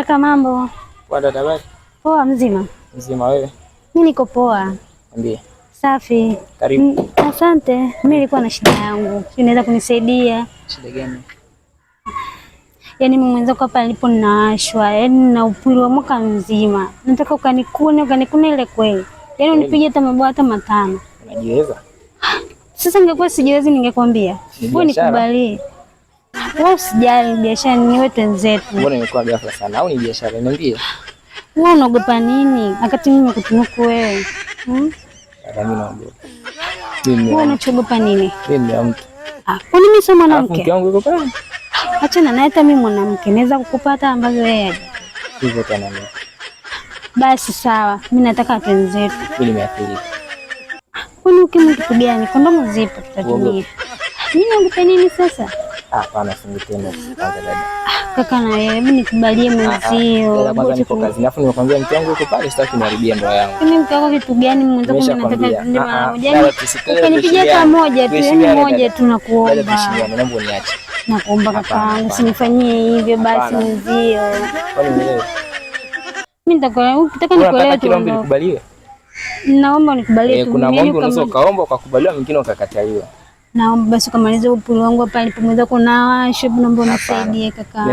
Kaka, mambo? Poa dada, habari? Poa, mzima. Mzima wewe? Mimi niko poa. Niambie. Safi. Karibu. Asante. Mimi nilikuwa na shida yangu, unaweza kunisaidia? Shida gani? Yaani mwenzako hapa nilipo ninawashwa, yaani na upuri wa mwaka mzima, nataka ukanikune, ukanikune ile kweli, yaani unipige hata mabao hata matano. Unajiweza? Sasa ningekuwa sijiwezi ningekwambia, wewe nikubalie. Wewe usijali, biashara ni wetu wenzetu. Mbona imekuwa ghafla sana au ni biashara? Niambie. Wewe unaogopa nini? Wakati mimi nakutunuku wewe. Hmm? Mimi naogopa. Mimi unachogopa nini? Mimi ni mtu. Ah, kwani mimi si mwanamke? Mke wangu yuko pale. Acha na naye, hata mimi mwanamke naweza kukupata ambazo yeye haja. Hivyo tena mimi. Basi sawa, mimi nataka watu wenzetu. Mimi nimeathirika. Ah, kwani ukimu kitu gani? Kondomu zipo tutatumia. Mimi naogopa nini sasa? Hapana, singependa ah, Kaka na yeye, nikubalie ah, mwenzio. Ah, kwanza niko nimekwambia mke wangu yuko pale, sitaki niharibie ndoa yangu. Mimi mke wako gani? nataka yaani, ndio moja. Ukinipigia hata moja tu, yani moja tu nakuomba. naomba uniache. Nakuomba kaka usinifanyie hivyo basi mwenzio. mimi nitakuelewa, ukitaka nikuelewe tu. Naomba nikubalie. Naomba eh, nikubalie tu. Kuna yaani mambo unaweza ukaomba ukakubaliwa, mwingine ukakataliwa. Naomba basi ukamaliza upuru wangu hapa nilipomweza kunawa shebu, naomba unisaidie kaka.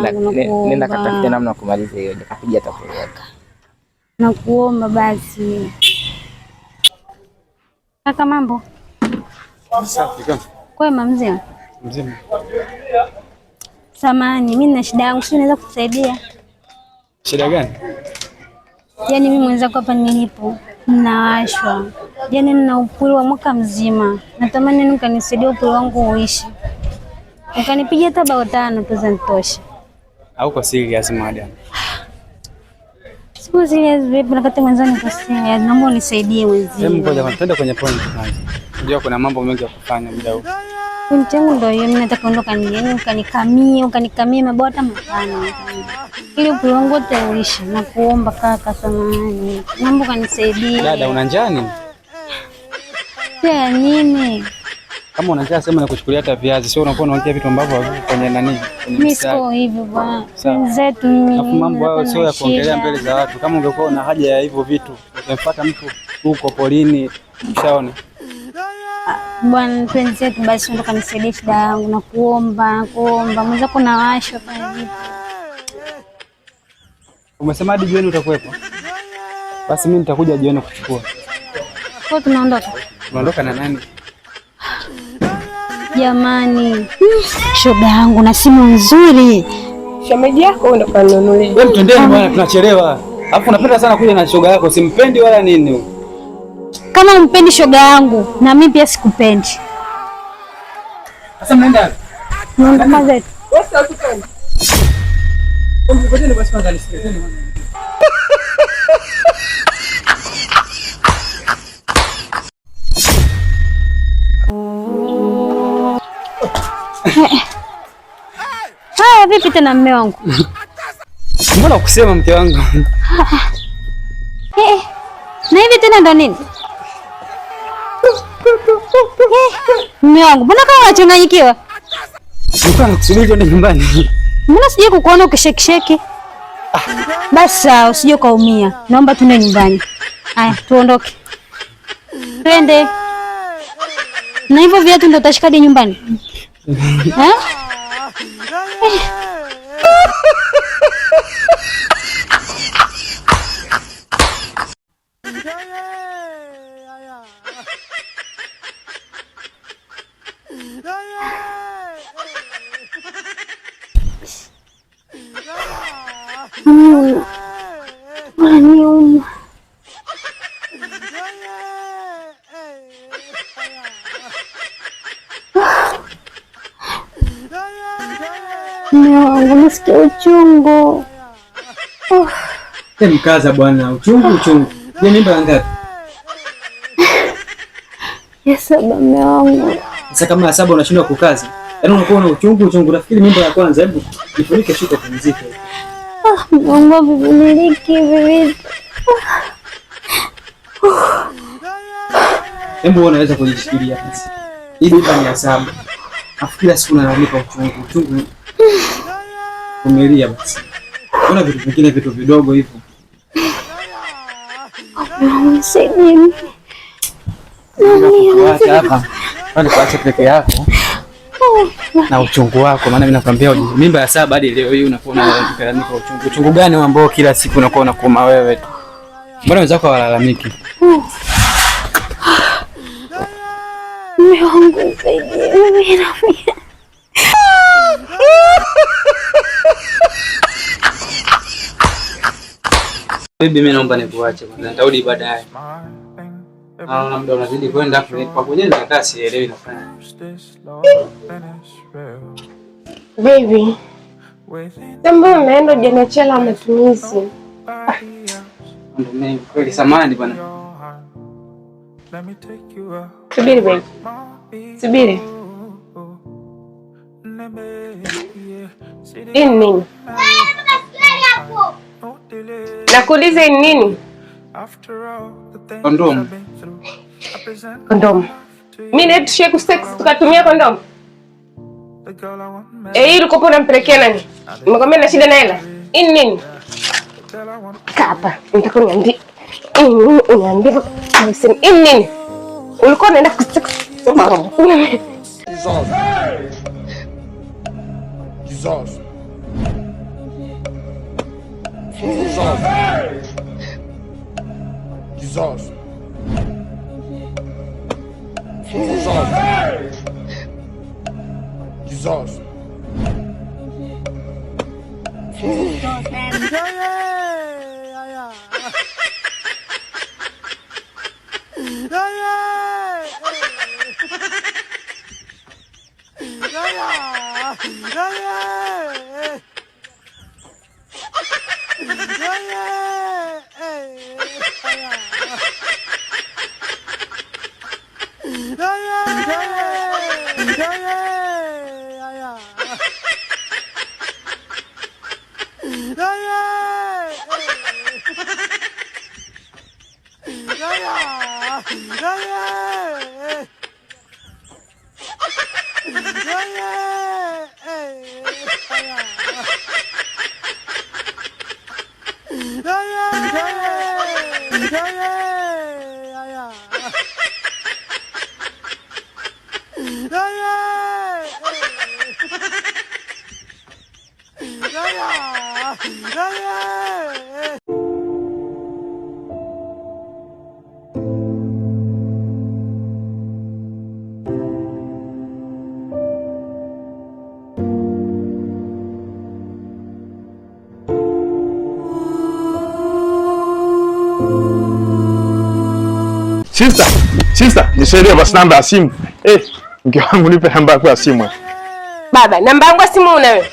Nenda katafute namna kumaliza hiyo, nikapiga tafuta. Nakuomba basi kaka. Mambo kwema? Mzima mzima. Samani, mimi nina shida yangu, si naweza kukusaidia? Shida gani? Yaani mimi mwenzako hapa nilipo ninawashwa Jana yaani nina upuri wa mwaka mzima, natamani ni mkanisaidia upuri wangu uishi, ukanipiga hata bao tano pesa nitoshe. Au kwa serious madam? Siku serious vipi? Nakati mwenzani kwa serious, naomba unisaidie mwenzio. Hebu ngoja kwanza, twende kwenye point kwanza. Unajua kuna mambo mengi ya kufanya muda huu. Pointi yangu ndio hiyo, mimi nataka ondoka nini, yaani ukanikamie ukanikamie mabao hata matano ili upuri wangu wote uishi. Nakuomba kaka, samahani, naomba ukanisaidie. Dada, una njani? unaongea ya nini? Kama una sema na kuchukulia hata viazi, sio unakuwa unaongea vitu ambavyo havipo kwenye nani. Mimi siko hivyo bwana. Wenzetu mimi. Na Mambo hayo sio ya kuongelea mbele za watu. Kama ungekuwa una haja ya hivyo vitu, ungempata mtu huko polini, ushaona. Ah, bwana mpenzi wetu, basi ndo kanisaidia shida yangu na kuomba, kuomba. Mwanzo kuna washo kwa hivyo. Umesema hadi jioni utakuwepo? Basi mimi nitakuja jioni kuchukua. Kwa tunaondoka. Unaondoka na nani? Jamani, shoga yangu na simu nzuri. Shemeji yako ndo kanunulia. Wewe mtendeni bwana, tunachelewa. Alafu unapenda sana kuja na shoga yako, simpendi wala nini? Kama umpendi shoga yangu, na mimi pia sikupendi. Sasa mnaenda? Mnaenda mazetu. Wewe sasa utupendi. Ngoja ni basi kwanza nisikizeni. nipite na mme wangu. Mbona kusema mke wangu? Eh, eh. na hivi tena ndo nini? Eh, mme wangu, mbona kama unachanganyikiwa? Nilikuwa nakusubiri twende nyumbani. Mbona sije kukuona ukishekisheki? Ah, basi usije ukaumia, naomba tuende nyumbani. Haya, tuondoke, twende. Na hivyo viatu ndo utashika hadi nyumbani eh? Niu. Niu. Nasikia uchungu. Mkaza bwana, uchungu uchungu. Je, mimba ya ngapi? Ya saba mume wangu. Sasa kama ya saba unashindwa kukaza, yaani unakuwa na uchungu uchungu, nafikiri mimba ya kwanza. Hebu jifunike shuka, pumzike. Mungu vimiliki vivi. Hebu unaweza kujishikilia basi. Hii ni ya saba. kila siku nalipa uchungu uchungu. Umelia basi. Kuna vitu vingine vitu vidogo hivyo. Msaidieni. Nani hapa? Kwani kuacha peke yako? na uchungu wako, maana mimi nakwambia mimba ya saba hadi leo hii unakuwa uchungu. Uchungu gani ambao kila siku unakuwa unakuuma wewe tu? Mbona wenzako hawalalamiki? Bibi, mimi naomba nikuache, nitarudi baadaye na ah, muda unazidi kwenda kwa kunyenda hata sielewi nafanya. Baby, jambo unaenda janiachela matumizi. kweli, samahani bwana. Subiri baby. Subiri. Hii nini? Nakuuliza nini? Kondomu. Kondomu mi naitushie kusex tukatumia kondomu eh, hii likopo nampelekea nani? Nimekwambia na shida na hela ini nini? Kapa nitaka uniambie in ini nini? Ulikuwa unaenda kusex kizazi Uzak. Güzel. Yeah, yeah, yeah. Diane! Diane! Diane! Sister, sister, nisaidie basi namba ya simu. Eh, mke wangu nipe namba yako ya simu. Baba, namba yangu ya simu una wewe?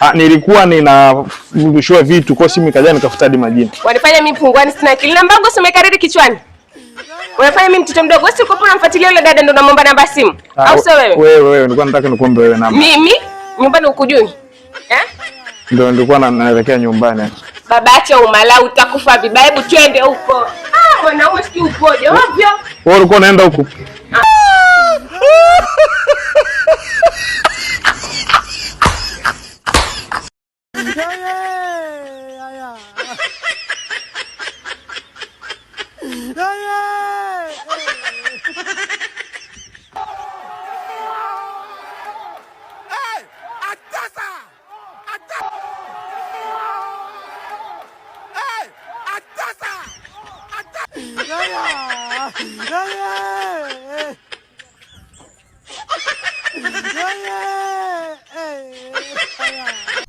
Ah, nilikuwa ninarudishwa vitu kwa simu ikaja nikafuta hadi majina. Walifanya mimi pungwani sina akili. Namba yangu sio imekariri kichwani. Wanifanya mimi mtoto mdogo. Wewe uko hapo unamfuatilia yule dada ndio unamwomba namba ya simu. Ah, Au sio wewe? Wewe wewe, nilikuwa nataka nikuombe wewe namba. Mimi nyumbani ukujui. Eh? Ndio nilikuwa naelekea nyumbani. Baba, acha umalau utakufa vibaya. Hebu twende huko. Ah! wanaume sijui ukoje ovyo. Wewe ulikuwa unaenda huko? Ah. Ryan! Ryan!